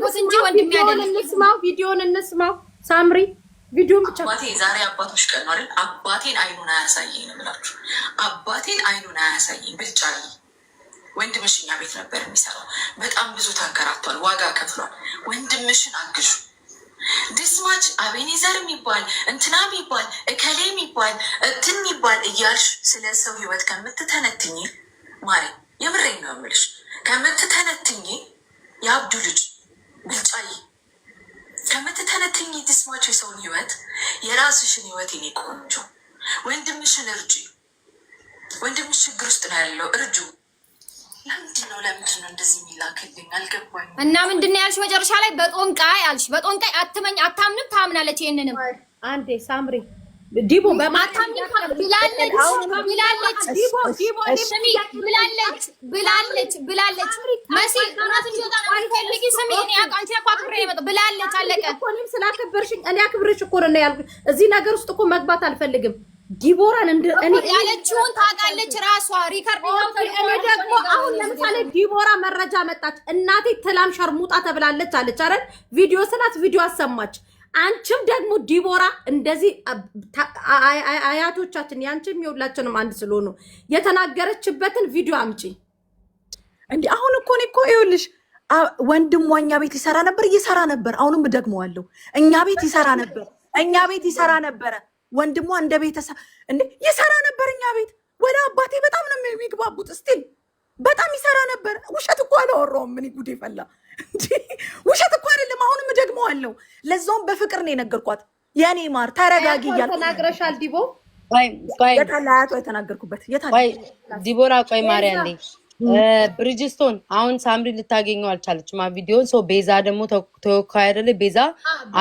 አጎት እንጂ እንስማው፣ ቪዲዮን እንስማው። ሳምሪ ቪዲዮን ብቻ አባቴ፣ ዛሬ አባቶች ቀን ነው አይደል? አባቴን አይኑን አያሳየኝ አባቴን አይኑን አያሳየኝ ብልጫ ወንድምሽ እኛ ቤት ነበር የሚሰራው። በጣም ብዙ ተንከራቷል፣ ዋጋ ከፍሏል። ወንድምሽን አግሹ። ድስማች አቤኔዘር የሚባል እንትና የሚባል እከሌ የሚባል እትን የሚባል እያልሽ ስለ ሰው ህይወት ከምትተነትኝ ማሪ፣ የምሬን ነው የምልሽ ከምትተነትኝ የአብዱ ልጅ ቢጫዬ ከምትተነትኝ ትስማቸው የሰውን ህይወት የራስሽን ህይወት የኔ ቆንጆ ወንድምሽን እርጂ። ወንድምሽ ችግር ውስጥ ነው ያለው፣ እርጁ። ለምንድን ነው ለምንድን ነው እንደዚህ የሚላክልኝ አልገባኝ። እና ምንድን ነው ያልሽ መጨረሻ ላይ? በጦንቃይ አልሽ። በጦንቃይ አትመኝ፣ አታምንም፣ ታምናለች። ይህንንም አንዴ ሳምሪ ዲቦ በማታምን ብላለች ብላለች ዲቦ ዲቦ ብላለች ብላለች ብላለች መሲ እኔ ብላለች አለቀ ስላከበርሽኝ እኔ አክብርሽ እኮ ነው ያልኩት እዚህ ነገር ውስጥ እኮ መግባት አልፈልግም ዲቦራን እንደ እኔ ያለችውን ታውቃለች ራሷ ሪከርድ እኔ ደግሞ አሁን ለምሳሌ ዲቦራ መረጃ መጣች እናቴ ትላም ሸርሙጣ ተብላለች አለች አረን ቪዲዮ ስላት ቪዲዮ አሰማች አንቺም ደግሞ ዲቦራ እንደዚህ አያቶቻችን ያንቺ የሁላችንም አንድ ስለሆኑ የተናገረችበትን ቪዲዮ አምጪ። እንዲ አሁን እኮ እኔ እኮ ይኸውልሽ ወንድሟ እኛ ቤት ይሰራ ነበር ይሰራ ነበር። አሁንም እደግመዋለሁ፣ እኛ ቤት ይሰራ ነበር፣ እኛ ቤት ይሰራ ነበረ። ወንድሟ እንደ ቤተሰብ እንደ ይሰራ ነበር እኛ ቤት። ወደ አባቴ በጣም ነው የሚግባቡት። ስቲል በጣም ይሰራ ነበር። ውሸት እኮ አላወራውም። ምን ጉድ ይፈላ ውሸት እኮ አይደለም። አሁንም እደግመዋለሁ። ለዛውም በፍቅር ነው የነገርኳት። የኔ ማር ተረጋጊ እያልኩ ተናግረሻል። ዲቦ የታለ አያቷ የተናገርኩበት ዲቦራ፣ ቆይ ማርያ እንዴ ብሪጅስቶን አሁን ሳምሪ ልታገኘው አልቻለችም። ቪዲዮን ሰው ቤዛ ደግሞ ተወካይ አይደለ ቤዛ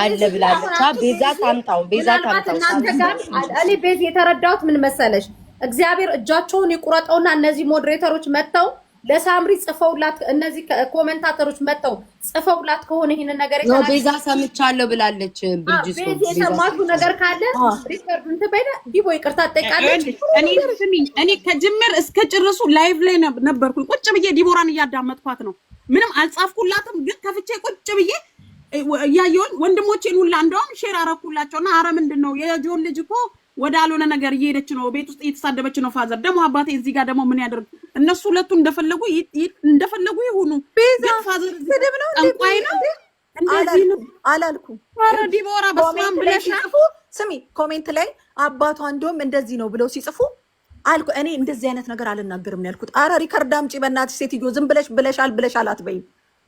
አለ ብላለች። ቤዛ ታምጣው፣ ቤዛ ታምጣው። ቤዝ የተረዳሁት ምን መሰለች፣ እግዚአብሔር እጃቸውን ይቁረጠውና እነዚህ ሞዴሬተሮች መጥተው ለሳምሪ ጽፈውላት እነዚህ ኮመንታተሮች መጥተው ጽፈውላት ከሆነ ይሄንን ነገር ነው ቤዛ ሰምቻለሁ ብላለች። ብርጅስ የሰማችሁ ነገር ካለ ሪከርድ እንትን በይነ ዲቦ ይቅርታ ትጠይቃለች። እኔ ስሚኝ፣ እኔ ከጅምር እስከ ጭርሱ ላይቭ ላይ ነበርኩኝ። ቁጭ ብዬ ዲቦራን እያዳመጥኳት ነው። ምንም አልጻፍኩላትም፣ ግን ከፍቼ ቁጭ ብዬ እያየሁኝ ወንድሞቼን ሁላ እንደውም ሼር አረኩላቸውና አረ ምንድን ነው የጆን ልጅ እኮ ወደ ነገር እየሄደች ነው፣ ቤት ውስጥ እየተሳደበች ነው። ፋዘር ደግሞ አባቴ እዚህ ጋር ደግሞ ምን ያደርግ? እነሱ ሁለቱ እንደፈለጉ እንደፈለጉ ይሁኑ። ፋዘር ጠንቋይ ነው አላልኩም። ዲቦራ በስማም ብለሽ ጽፉ። ስሚ፣ ኮሜንት ላይ አባቷ እንዲሁም እንደዚህ ነው ብለው ሲጽፉ አልኩ እኔ እንደዚህ አይነት ነገር አልናገርም ያልኩት። አረ ሪከርድ አምጪ በእናትሽ ሴትዮ፣ ዝም ብለሽ ብለሻል ብለሻል አትበይም።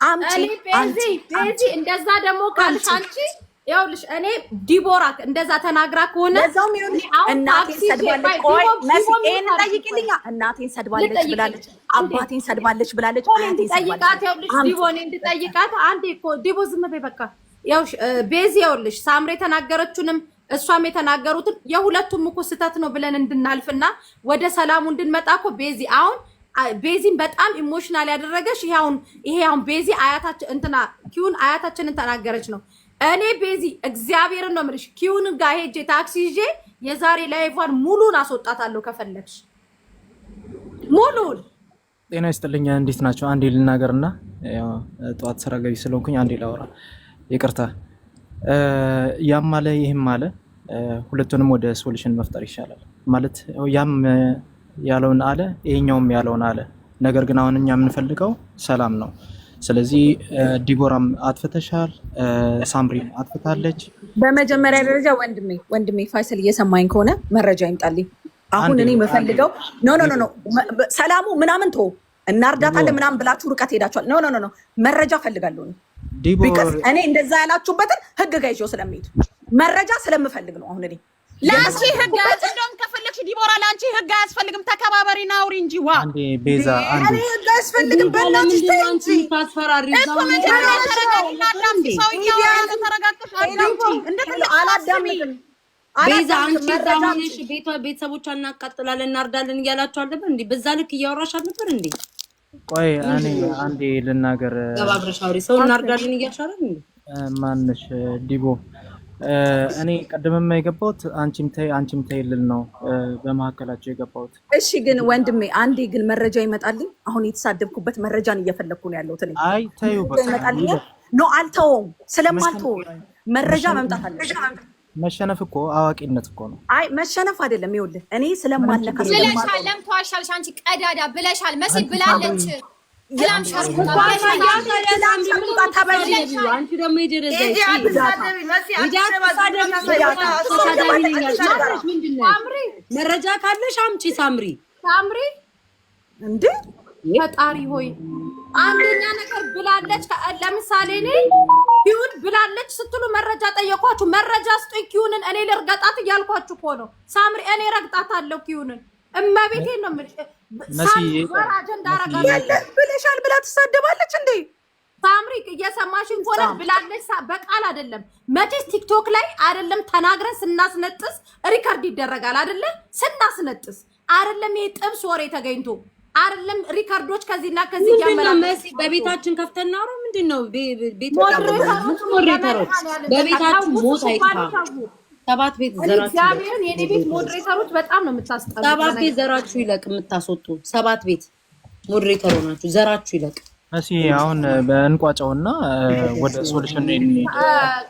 አምጪ እንደዛ ደግሞ ካልሽ አንቺ ይኸውልሽ እኔ ዲቦራ እንደዛ ተናግራ ከሆነ እናቴን ሰድባለች። ቆይ መስኤን ጠይቅልኛ። እናቴን ሰድባለች ብላለች፣ አባቴን ሰድባለች ብላለች። ጠይቃት። ይኸውልሽ ዲቦ እኔ እንድጠይቃት አንዴ እኮ ዲቦ ዝም በይ በቃ። ይኸውልሽ ቤዚ፣ ይኸውልሽ ሳምሬ የተናገረችውንም እሷም የተናገሩትን የሁለቱም እኮ ስህተት ነው ብለን እንድናልፍና ወደ ሰላሙ እንድንመጣ እኮ ቤዚ አሁን ቤዚን በጣም ኢሞሽናል ያደረገሽ ይሄ አሁን ቤዚ አያታችን እንትና ኪውን አያታችንን ተናገረች ነው እኔ ቤዚ እግዚአብሔርን ነው የምልሽ። ኪውን ጋር ሄጄ ታክሲ ይዤ የዛሬ ላይቫን ሙሉን አስወጣታለሁ ከፈለግሽ ሙሉን። ጤና ይስጥልኝ። እንዴት ናቸው? አንዴ ልናገርና ጠዋት ስራ ገቢ ስለሆንኩኝ አንዴ ላውራ፣ ይቅርታ። ያም አለ ይህም አለ፣ ሁለቱንም ወደ ሶሉሽን መፍጠር ይሻላል ማለት ያም ያለውን አለ ይሄኛውም ያለውን አለ። ነገር ግን አሁን እኛ የምንፈልገው ሰላም ነው። ስለዚህ ዲቦራም አጥፍተሻል፣ ሳምሪም አጥፍታለች። በመጀመሪያ ደረጃ ወንድሜ ወንድሜ ፋይሰል እየሰማኝ ከሆነ መረጃ ይምጣልኝ። አሁን እኔ የምፈልገው ኖ ኖ ኖ ሰላሙ ምናምን ቶ እና እርዳታለን ምናምን ብላችሁ ርቀት ሄዳችኋል። ኖ ኖ ኖ መረጃ ፈልጋለሁ። እኔ እንደዛ ያላችሁበትን ህግ ጋይዞ ስለሚሄድ መረጃ ስለምፈልግ ነው። አሁን እኔ ለአስ ህግ ካልሽ ዲቦራ ለአንቺ ህግ አያስፈልግም። ተከባበሪ ና አውሪ እንጂ ዋ ቤዛ ህግ አያስፈልግም። በእናትሽ አንቺ ቤቷ ቤተሰቦቿ እናቃጥላለን እናርዳለን እያላችሁ አልነበር እንዴ? በዛ ልክ እያወራሽ አልነበር እንዴ? ቆይ እኔ አንዴ ልናገር። አውሪ። ሰው እናርዳለን እያልሽ አይደል ማንሽ ዲቦ እኔ ቀድመማ የገባሁት አንቺም ተይ አንቺም ተይ ልል ነው በመካከላቸው የገባሁት። እሺ ግን ወንድሜ አንዴ ግን መረጃ ይመጣልኝ። አሁን የተሳደብኩበት መረጃን እየፈለግኩ ነው ያለሁት እኔ። አይ ተዩ በቃ ይመጣልኝ። ኖ አልተውም፣ ስለማልተው መረጃ መምጣት አለ። መሸነፍ እኮ አዋቂነት እኮ ነው። አይ መሸነፍ አይደለም። ይኸውልህ እኔ ስለማለካ ስለሻለም ተዋሻልሽ አንቺ ቀዳዳ ብለሻል መሲ ብላለች መረጃ ካለሽ አምጪ ሳምሪ። ሳምሪ ፈጣሪ ሆይ አንደኛ ነገር ብላለች። ለምሳሌ እኔ ኪውን ብላለች ስትሉ መረጃ ጠየኳችሁ። መረጃ ስጡኝ ኪውንን እኔ ልርገጣት እያልኳችሁ እኮ ነው ሳምሪ። እኔ ረግጣታለሁ ኪውንን እመቤቴ ነው የምልሽ። አጀንዳ ብለሻል ብላ ትሳደባለች እንዴ? ሳምሪ እየሰማሽን ሆነ ብላለች። በቃል አይደለም መቼስ ቲክቶክ ላይ አይደለም ተናግረን ስናስነጥስ ሪከርድ ይደረጋል አይደለ? ስናስነጥስ አይደለም ይሄ ጥብስ ወሬ ተገኝቶ አይደለም ሪከርዶች ከዚህና ከዚህ ጀምራ በቤታችን ከፍተን እናውራ ምንድን ነው ቤት ሞዴሬተሮች ሞት አይጥፋ ሰባት ቤት እግዚአብሔርን የኔ ቤት ሞዴሬተሮች በጣም ነው የምታስጠሩ። ሰባት ቤት ዘራችሁ ይለቅ የምታስወጡ ሰባት ቤት ሞዴሬተር ናችሁ። ዘራችሁ ይለቅ። እስኪ አሁን በእንቋጫው እና ወደ ሶሉሽን ነው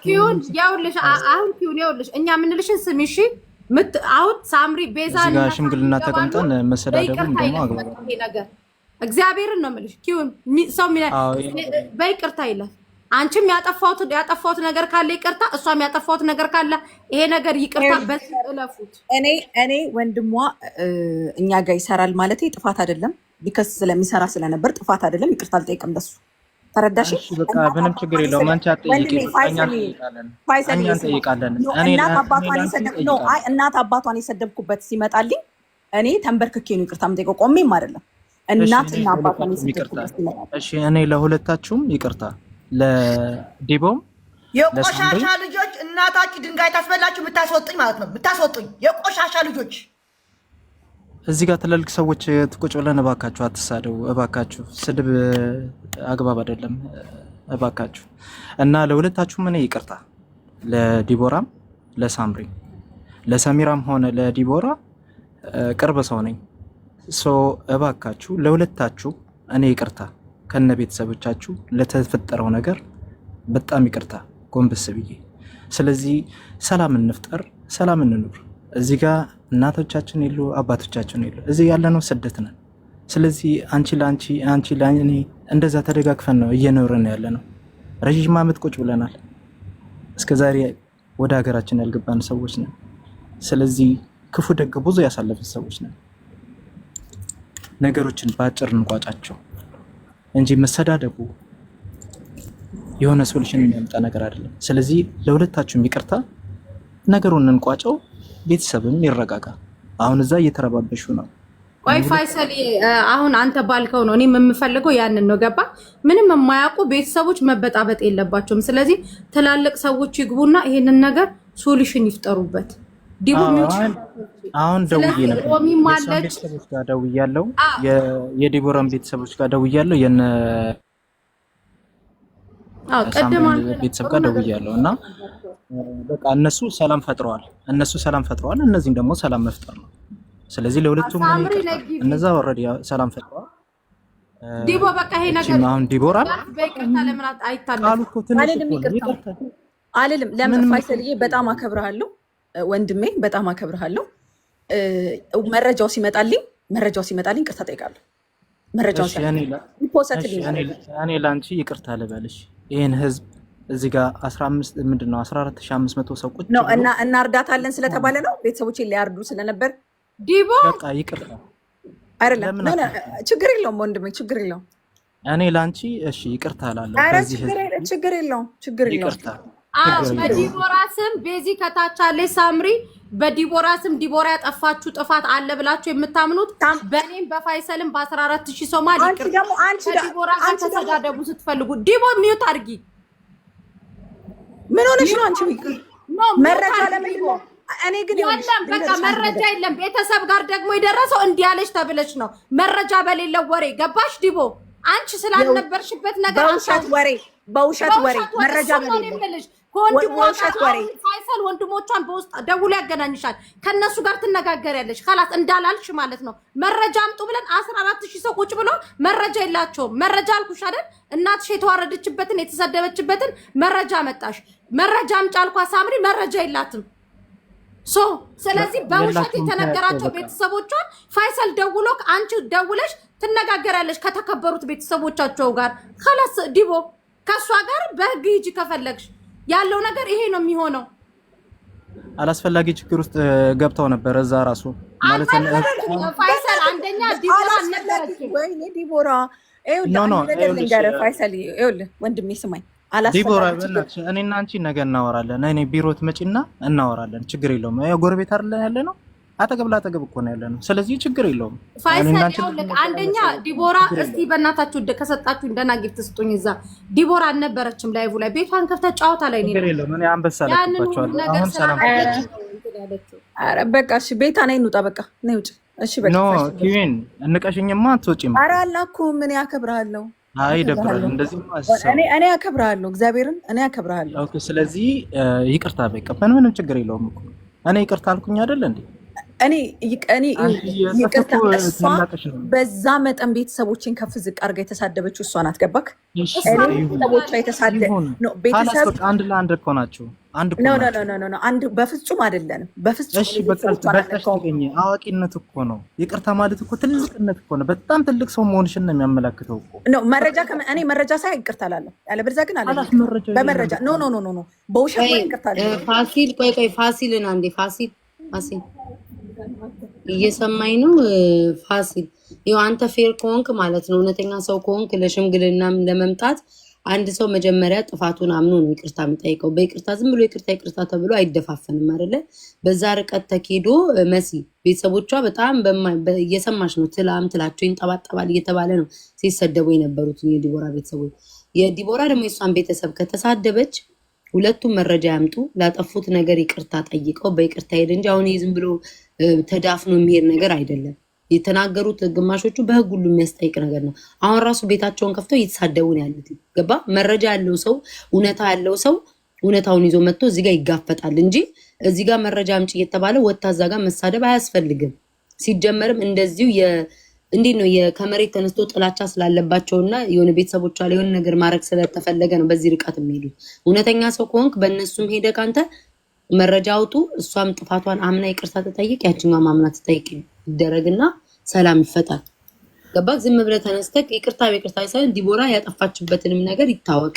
ኪዩን ያውልሽ። አሁን ኪዩን ያውልሽ። እኛ የምንልሽን ስሚ እሺ። አሁን ሳምሪ ቤዛ ጋ ሽምግልና ተቀምጠን መሰዳደቡን ደግሞ አግባ ነገር እግዚአብሔርን ነው የምልሽ ኪዩን ሰው በይቅርታ ይላል አንቺም ያጠፋሁት ነገር ካለ ይቅርታ፣ እሷም ያጠፋሁት ነገር ካለ ይሄ ነገር ይቅርታ፣ በዚህ እለፉት። እኔ እኔ ወንድሟ እኛ ጋር ይሰራል ማለት ጥፋት አይደለም። ቢከስ ስለሚሰራ ስለነበር ጥፋት አይደለም። ይቅርታ አልጠይቅም በሱ ተረዳሽ? በቃ ምንም ችግር የለውም። አንቺ አትጠይቂ፣ እኛ እንጠይቃለን። እናት አባቷን የሰደብኩበት ሲመጣልኝ እኔ ተንበርክኬ ነው ይቅርታ የምጠይቀው፣ ቆሜም አይደለም። እናት እና አባቷን የሰደብኩበት ሲመጣልኝ እኔ ለሁለታችሁም ይቅርታ ለዲቦም የቆሻሻ ልጆች እናታችሁ ድንጋይ ታስበላችሁ የምታስወጡኝ ማለት ነው። የምታስወጡኝ የቆሻሻ ልጆች እዚህ ጋር ትላልቅ ሰዎች ቁጭ ብለን እባካችሁ አትሳደው፣ እባካችሁ ስድብ አግባብ አይደለም፣ እባካችሁ እና ለሁለታችሁም እኔ ይቅርታ ለዲቦራም ለሳምሪ ለሰሚራም ሆነ ለዲቦራ ቅርብ ሰው ነኝ። እባካችሁ ለሁለታችሁ እኔ ይቅርታ ከነ ቤተሰቦቻችሁ ለተፈጠረው ነገር በጣም ይቅርታ ጎንበስ ብዬ። ስለዚህ ሰላም እንፍጠር፣ ሰላም እንኑር። እዚህ ጋ እናቶቻችን የሉ፣ አባቶቻችን የሉ። እዚህ ያለነው ስደት ነን። ስለዚህ አንቺ ለአንቺ አንቺ ለእኔ እንደዛ ተደጋግፈን ነው እየኖርን ያለ ነው። ረዥም ዓመት ቁጭ ብለናል። እስከ ዛሬ ወደ ሀገራችን ያልገባን ሰዎች ነን። ስለዚህ ክፉ ደግ ብዙ ያሳለፍን ሰዎች ነን። ነገሮችን በአጭር እንቋጫቸው። እንጂ መሰዳደቡ የሆነ ሶሉሽን የሚያመጣ ነገር አይደለም። ስለዚህ ለሁለታችሁም ይቅርታ፣ ነገሩን እንቋጨው፣ ቤተሰብም ይረጋጋ። አሁን እዛ እየተረባበሹ ነው። ቆይ ፋይሰል፣ አሁን አንተ ባልከው ነው። እኔም የምፈልገው ያንን ነው። ገባ? ምንም የማያውቁ ቤተሰቦች መበጣበጥ የለባቸውም። ስለዚህ ትላልቅ ሰዎች ይግቡና ይሄንን ነገር ሶሉሽን ይፍጠሩበት። አሁን ደውዬ ነበር። ቤተሰቦች ጋር ደውያለሁ። የዲቦራን ቤተሰቦች ጋር ደውያለሁ። የነ ቤተሰብ ጋር ደውያለሁ እና በቃ እነሱ ሰላም ፈጥረዋል። እነሱ ሰላም ፈጥረዋል። እነዚህም ደግሞ ሰላም መፍጠር ነው። ስለዚህ ለሁለቱም እነዛ ኦልሬዲ ሰላም ፈጥረዋል። ዲቦ በቃ ይሄ ነገር አሁን ዲቦራ አልልም፣ ይቅርታ አልልም። ለምን ፋይሰልዬ በጣም አከብረሃለሁ ወንድሜ በጣም አከብርሃለሁ። መረጃው ሲመጣልኝ መረጃው ሲመጣልኝ ቅርታ ጠይቃለሁ። መረጃው እኔ ለአንቺ ይቅርታ ልበልሽ። ይህን ህዝብ እዚህ ጋር ምንድን ነው 14500 ሰው ቁጭ ነው እና እና እርዳታለን ስለተባለ ነው ቤተሰቦቼ ሊያርዱ ስለነበር ዲቦ በቃ ይቅርታ አይደለም። ችግር የለውም ወንድሜ፣ ችግር የለውም። እኔ ለአንቺ እሺ ይቅርታ እላለሁ። ችግር የለውም፣ ችግር የለውም። በዲቦራ ስም ቤዚ ከታች አለች ሳምሪ በዲቦራ ስም ዲቦራ ያጠፋችሁ ጥፋት አለ ብላችሁ የምታምኑት በእኔም በፋይሰልም በአስራ አራት ሺህ ሶማሊ ዲቦራ ተሰዳደቡ ስትፈልጉ ዲቦ ሚዩት አድርጊ ምን ሆነሽ ነው አንቺ መረጃ ለምንድን ነው እኔ ግን የለም በቃ መረጃ የለም ቤተሰብ ጋር ደግሞ የደረሰው እንዲህ ያለች ተብለች ነው መረጃ በሌለው ወሬ ገባሽ ዲቦ አንቺ ስላልነበርሽበት ነገር በውሸት ወሬ በውሸት ወሬ መረጃ በሌለው ከወንድሟ ወንድሞቿን በውስጥ ደውሎ ያገናኝሻል። ከእነሱ ጋር ትነጋገሪያለሽ። ካላት እንዳላልሽ ማለት ነው። መረጃ አምጡ ብለን አስራ አራት ሺህ ሰው ቁጭ ብሎ መረጃ የላቸውም። መረጃ አልኩሽ አይደል? እናትሽ የተዋረደችበትን የተሰደበችበትን መረጃ መጣሽ። መረጃ አምጪ አልኳ ሳምሪ፣ መረጃ የላትም። ሶ ስለዚህ በውሸት የተነገራቸው ቤተሰቦቿን ፋይሰል ደውሎ አንቺ ደውለሽ ትነጋገሪያለሽ ከተከበሩት ቤተሰቦቻቸው ጋር ከላስ ዲቦ ከእሷ ጋር በህግ ሂጂ ከፈለግሽ ያለው ነገር ይሄ ነው የሚሆነው። አላስፈላጊ ችግር ውስጥ ገብተው ነበር። እዛ ራሱ ማለት ነው። ፋይሰል አንደኛ ዲቦራ ነበረች ወይ ዲቦራ ወንድሜ ስማኝ፣ ዲቦራ እኔና አንቺ ነገ እናወራለን። እኔ ቢሮ ትመጪና እናወራለን። ችግር የለውም። ጎረቤት አይደለን ያለ ነው አጠገብ ላጠገብ እኮ ነው ያለ ነው። ስለዚህ ችግር የለውም። አንደኛ ዲቦራ፣ እስቲ በእናታችሁ ከሰጣችሁ እንደና ጊፍት ስጡኝ። እዛ ዲቦራ አልነበረችም ላይቭ ላይ ቤቷን ከፍታ ጨዋታ ላይ ነው በቃ ቤታ ነይ እንውጣ። በቃ ነይ ውጭ። እሺ በቃ ኪዊን እንቀሽኝማ አትወጪም። ኧረ አላኩ ምን አከብርሃለሁ። አይ ደብራል። እንደዚህ እኔ አከብርሃለሁ። እግዚአብሔርን እኔ አከብርሃለሁ። ኦኬ። ስለዚህ ይቅርታ በቃ ምንም ችግር የለውም እኮ እኔ ይቅርታ አልኩኝ አይደል እንዴ? በዛ መጠን ቤተሰቦችን ከፍ ዝቅ አድርጋ የተሳደበችው እሷ ናት። ገባክ? አንድ ለአንድ እኮ ናቸው። በፍጹም አይደለንም። በፍጹም አዋቂነት እኮ ነው። ይቅርታ ማለት እኮ ትልቅነት እኮ ነው። በጣም ትልቅ ሰው መሆንሽን ነው የሚያመላክተው እኮ መረጃ እኔ መረጃ ሳይ ይቅርታ አላለሁ። ያለበለዚያ ግን አለ በመረጃ ኖ ኖ ኖ ኖ በውሸት ይቅርታ ፋሲል ቆይ ቆይ ፋሲልን አንዴ ፋሲል ፋሲል እየሰማኝ ነው ፋሲል። ይኸው አንተ ፌር ከሆንክ ማለት ነው እውነተኛ ሰው ከሆንክ ለሽምግልና ለመምጣት አንድ ሰው መጀመሪያ ጥፋቱን አምኖ ነው ይቅርታ የሚጠይቀው። በይቅርታ ዝም ብሎ ይቅርታ ይቅርታ ተብሎ አይደፋፈንም አይደለ? በዛ ርቀት ተኬዶ መሲ ቤተሰቦቿ በጣም እየሰማሽ ነው፣ ትላም ትላቸው ይንጠባጠባል እየተባለ ነው ሲሰደቡ የነበሩት የዲቦራ ቤተሰቦች። የዲቦራ ደግሞ የእሷን ቤተሰብ ከተሳደበች ሁለቱም መረጃ ያምጡ፣ ላጠፉት ነገር ይቅርታ ጠይቀው በይቅርታ ሄድ እንጂ አሁን ዝም ብሎ ተዳፍኖ የሚሄድ ነገር አይደለም። የተናገሩት ግማሾቹ በህግ ሁሉ የሚያስጠይቅ ነገር ነው። አሁን ራሱ ቤታቸውን ከፍተው እየተሳደቡን ያሉት ገባ። መረጃ ያለው ሰው እውነታ ያለው ሰው እውነታውን ይዞ መጥቶ እዚህ ጋር ይጋፈጣል እንጂ እዚህ ጋር መረጃ አምጪ እየተባለ ወታዛ ጋር መሳደብ አያስፈልግም። ሲጀመርም እንደዚሁ እንዴት ነው ከመሬት ተነስቶ ጥላቻ ስላለባቸውና የሆነ ቤተሰቦቿ ላይ የሆነ ነገር ማድረግ ስለተፈለገ ነው በዚህ ርቀት የሚሄዱት። እውነተኛ ሰው ከሆንክ በእነሱም ሄደ ካንተ መረጃ አውጡ። እሷም ጥፋቷን አምና ይቅርታ ትጠይቅ፣ ያችኛዋም አምና ትጠይቅ ይደረግና ሰላም ይፈጣል። ገባክ? ዝም ብለህ ተነስተህ ይቅርታ በይቅርታ ሳይሆን ዲቦራ ያጠፋችበትንም ነገር ይታወቅ።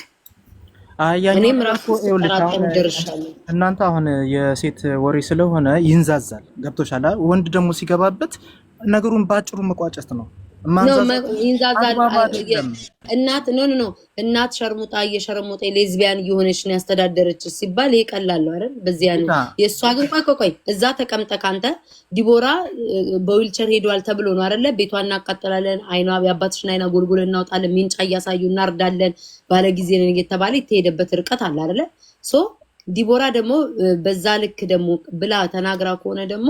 እኔም ራሱ ጠራጠም ደርሻለሁ። እናንተ አሁን የሴት ወሬ ስለሆነ ይንዛዛል። ገብቶሻል። ወንድ ደግሞ ሲገባበት ነገሩን በአጭሩ መቋጨት ነው። እናት ኖ ኖ እናት ሸርሙጣ ሌዝቢያን እየሆነች ነው ያስተዳደረች ሲባል አይደል? በዚያ ነው የእሷ ግን ቆይ ቆይ እዛ ካንተ ዲቦራ በዊልቸር ሄዷል ተብሎ ነው አይደለ? ቤቷን እናቃጠላለን፣ አይኗ የአባትሽን አይና ጎልጎል እናውጣለን፣ ሚንጫ እያሳዩ እናርዳለን፣ ባለ ጊዜ ነን እየተባለ የተሄደበት ርቀት አለ አይደለ? ሶ ዲቦራ ደግሞ በዛ ልክ ደግሞ ብላ ተናግራ ከሆነ ደግሞ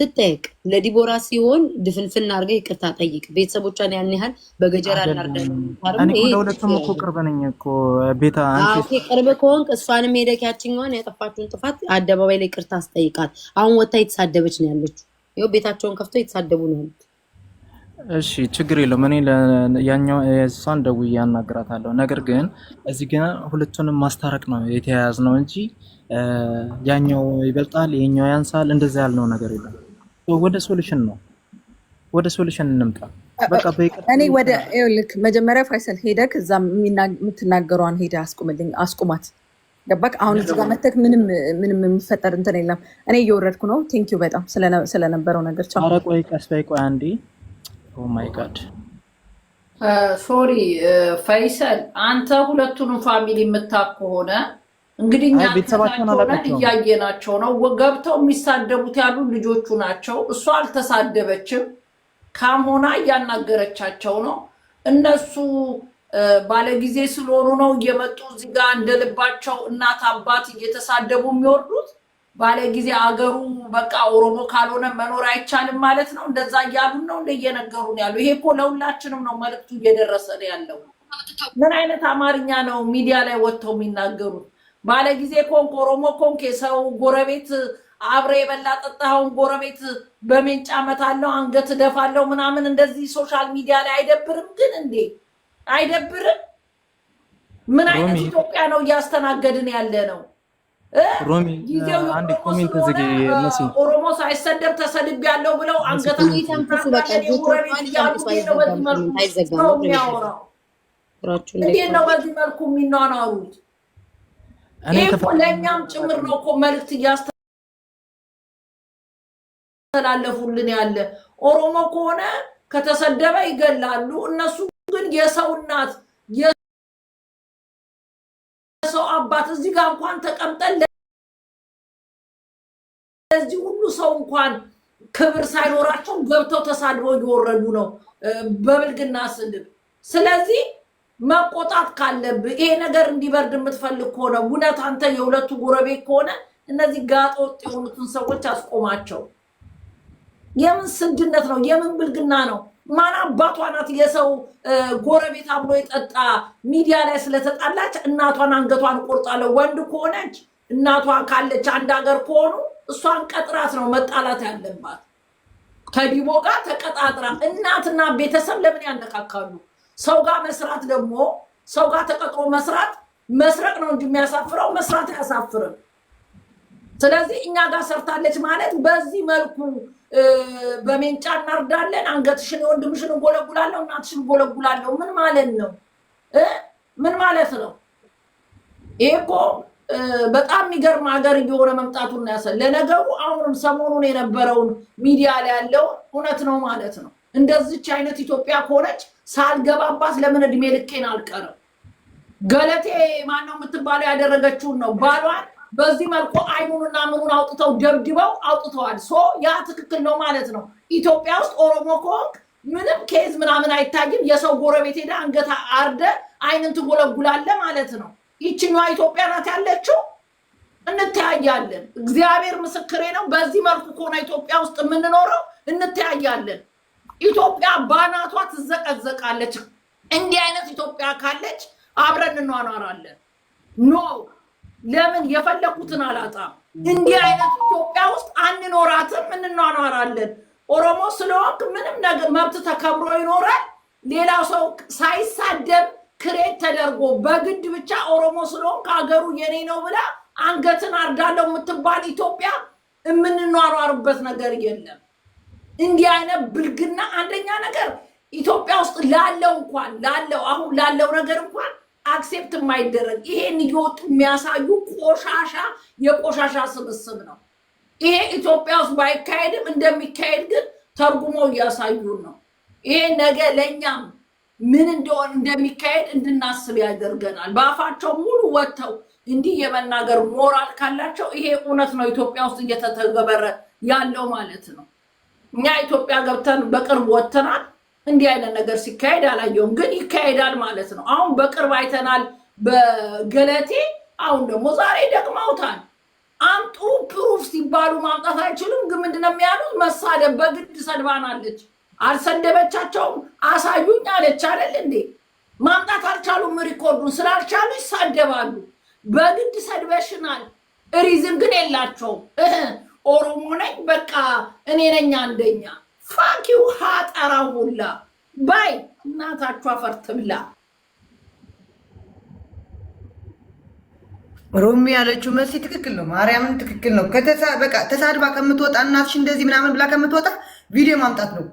ስጠይቅ ለዲቦራ ሲሆን ድፍንፍን አድርገህ ይቅርታ ጠይቅ። ቤተሰቦቿን ያን ያህል በገጀራ እናርዳለሁለቱም እኮ ቅርብ ነኝ እኮ ቤታ ቅርብ ከሆንክ እሷንም ሄደክ ያችኛዋን ያጠፋችሁን ጥፋት አደባባይ ላይ ቅርታ አስጠይቃት። አሁን ወታ የተሳደበች ነው ያለችው። ይኸው ቤታቸውን ከፍቶ የተሳደቡ ነው ያሉት። እሺ ችግር የለውም። እኔ ያኛው እሷን ደውዬ አናግራታለሁ። ነገር ግን እዚህ ግን ሁለቱንም ማስታረቅ ነው የተያያዝ ነው እንጂ ያኛው ይበልጣል፣ ይሄኛው ያንሳል፣ እንደዚያ ያልነው ነገር የለም። ወደ ሶሉሽን ነው። ወደ ሶሉሽን እንምጣ። በቃ እኔ ወደ ልክ መጀመሪያ ፋይሰል ሄደክ እዛ የምትናገሯን ሄደ አስቁምልኝ፣ አስቁማት። ገባክ? አሁን እዚህ ጋር መተክ ምንም ምንም የሚፈጠር እንትን የለም። እኔ እየወረድኩ ነው። ዩ በጣም ስለነበረው ነገር። ቻው። ኧረ ቆይ ቀስ በይ ቆይ አንዴ። ኦ ማይ ጋድ ሶሪ። ፋይሰል፣ አንተ ሁለቱንም ፋሚሊ የምታክ ከሆነ እንግዲህ እያየናቸው ነው። ገብተው የሚሳደቡት ያሉ ልጆቹ ናቸው። እሷ አልተሳደበችም። ካምሆና እያናገረቻቸው ነው። እነሱ ባለጊዜ ስለሆኑ ነው እየመጡ እዚህ ጋ እንደልባቸው እናት አባት እየተሳደቡ የሚወርዱት። ባለጊዜ አገሩ በቃ ኦሮሞ ካልሆነ መኖር አይቻልም ማለት ነው። እንደዛ እያሉን ነው እንደ እየነገሩን ያሉ። ይሄ እኮ ለሁላችንም ነው መልዕክቱ እየደረሰ ያለው። ምን አይነት አማርኛ ነው ሚዲያ ላይ ወጥተው የሚናገሩት? ባለ ጊዜ ኮንክ ኦሮሞ ኮንክ የሰው ጎረቤት አብረ የበላ ጠጣኸውን ጎረቤት በሜንጫ መታለው አንገት እደፋለው ምናምን እንደዚህ ሶሻል ሚዲያ ላይ አይደብርም? ግን እንዴ አይደብርም? ምን አይነት ኢትዮጵያ ነው እያስተናገድን ያለ ነው? ጊዜው ኦሮሞ ሳይሰደብ ተሰድብ ያለው ብለው አንገታ ተንጎረቤት እያሉ ነው በዚህ መልኩ የሚያወራው። እንዴት ነው በዚህ መልኩ የሚኗኗሩት? ለእኛም ጭምር ነው እኮ መልዕክት እያስተላለፉልን ያለ። ኦሮሞ ከሆነ ከተሰደበ ይገላሉ። እነሱ ግን የሰው እናት የሰው አባት እዚህ ጋር እንኳን ተቀምጠን ለዚህ ሁሉ ሰው እንኳን ክብር ሳይኖራቸው ገብተው ተሳድበው እየወረዱ ነው በብልግና ስድብ። ስለዚህ መቆጣት ካለብህ ይሄ ነገር እንዲበርድ የምትፈልግ ከሆነ እውነት አንተ የሁለቱ ጎረቤት ከሆነ እነዚህ ጋጠ የሆኑትን ሰዎች አስቆማቸው። የምን ስግነት ነው? የምን ብልግና ነው? ማን አባቷ ናት የሰው ጎረቤት አብሎ የጠጣ ሚዲያ ላይ ስለተጣላች እናቷን አንገቷን ቆርጣለሁ። ወንድ ከሆነች እናቷ ካለች አንድ ሀገር ከሆኑ እሷን ቀጥራት ነው መጣላት ያለባት። ከዲቦ ጋር ተቀጣጥራ እናትና ቤተሰብ ለምን ያነካካሉ? ሰው ጋር መስራት ደግሞ ሰው ጋር ተቀጥሮ መስራት መስረቅ ነው እንጂ የሚያሳፍረው መስራት አያሳፍርም። ስለዚህ እኛ ጋር ሰርታለች ማለት በዚህ መልኩ በሜንጫ እናርዳለን፣ አንገትሽን የወንድምሽን እንጎለጉላለሁ፣ እናትሽን እንጎለጉላለሁ። ምን ማለት ነው? ምን ማለት ነው? ይሄ እኮ በጣም የሚገርም ሀገር እየሆነ መምጣቱን ያሰ ለነገሩ አሁንም ሰሞኑን የነበረውን ሚዲያ ላይ ያለውን እውነት ነው ማለት ነው። እንደዚች አይነት ኢትዮጵያ ከሆነች ሳልገባባት ለምን እድሜ ልኬን አልቀርም? ገለቴ ማነው የምትባለው ያደረገችውን ነው። ባሏን በዚህ መልኩ አይኑንና ምኑን አውጥተው ደብድበው አውጥተዋል። ሶ ያ ትክክል ነው ማለት ነው። ኢትዮጵያ ውስጥ ኦሮሞ ከሆንክ ምንም ኬዝ ምናምን አይታይም። የሰው ጎረቤት ሄደ አንገት አርደ አይንን ትጎለጉላለ ማለት ነው። ይችኛዋ ኢትዮጵያ ናት ያለችው። እንተያያለን። እግዚአብሔር ምስክሬ ነው። በዚህ መልኩ ከሆነ ኢትዮጵያ ውስጥ የምንኖረው እንተያያለን። ኢትዮጵያ ባናቷ ትዘቀዘቃለች። እንዲህ አይነት ኢትዮጵያ ካለች አብረን እንኗኗራለን። ኖ ለምን የፈለኩትን አላጣም። እንዲህ አይነት ኢትዮጵያ ውስጥ አንኖራትም፣ እንኗኗራለን። ኦሮሞ ስለወቅ ምንም ነገር መብት ተከብሮ ይኖራል። ሌላ ሰው ሳይሳደብ ክሬት ተደርጎ በግድ ብቻ ኦሮሞ ስለሆንክ ሀገሩ የኔ ነው ብላ አንገትን አርዳለው የምትባል ኢትዮጵያ የምንኗሯርበት ነገር የለም። እንዲህ አይነት ብልግና አንደኛ ነገር ኢትዮጵያ ውስጥ ላለው እንኳን ላለው አሁን ላለው ነገር እንኳን አክሴፕት የማይደረግ ይሄን እየወጡ የሚያሳዩ ቆሻሻ የቆሻሻ ስብስብ ነው። ይሄ ኢትዮጵያ ውስጥ ባይካሄድም እንደሚካሄድ ግን ተርጉሞ እያሳዩን ነው። ይሄ ነገ ለእኛም ምን እንደሆነ እንደሚካሄድ እንድናስብ ያደርገናል። በአፋቸው ሙሉ ወጥተው እንዲህ የመናገር ሞራል ካላቸው ይሄ እውነት ነው ኢትዮጵያ ውስጥ እየተተገበረ ያለው ማለት ነው። እኛ ኢትዮጵያ ገብተን በቅርብ ወጥተናል። እንዲህ አይነት ነገር ሲካሄድ አላየውም፣ ግን ይካሄዳል ማለት ነው። አሁን በቅርብ አይተናል በገለቴ። አሁን ደግሞ ዛሬ ደግመውታል። አምጡ ፕሩፍ ሲባሉ ማምጣት አይችሉም። ግን ነው የሚያሉት? መሳደብ በግድ ሰድባናለች። አልሰደበቻቸውም አሳዩኝ አለች አይደል እንዴ? ማምጣት አልቻሉም። ሪኮርዱን ስላልቻሉ ይሳደባሉ። በግድ ሰድበሽናል። ሪዝም ግን የላቸውም። ኦሮሞ ነኝ በቃ እኔ ነኝ አንደኛ ፋኪው ሀጠራ ሁላ ባይ እናታችሁ አፈር ትብላ። ሮሚ ያለችው መሲ ትክክል ነው። ማርያምን ትክክል ነው። በቃ ተሳድባ ከምትወጣ እናትሽ እንደዚህ ምናምን ብላ ከምትወጣ ቪዲዮ ማምጣት ነው።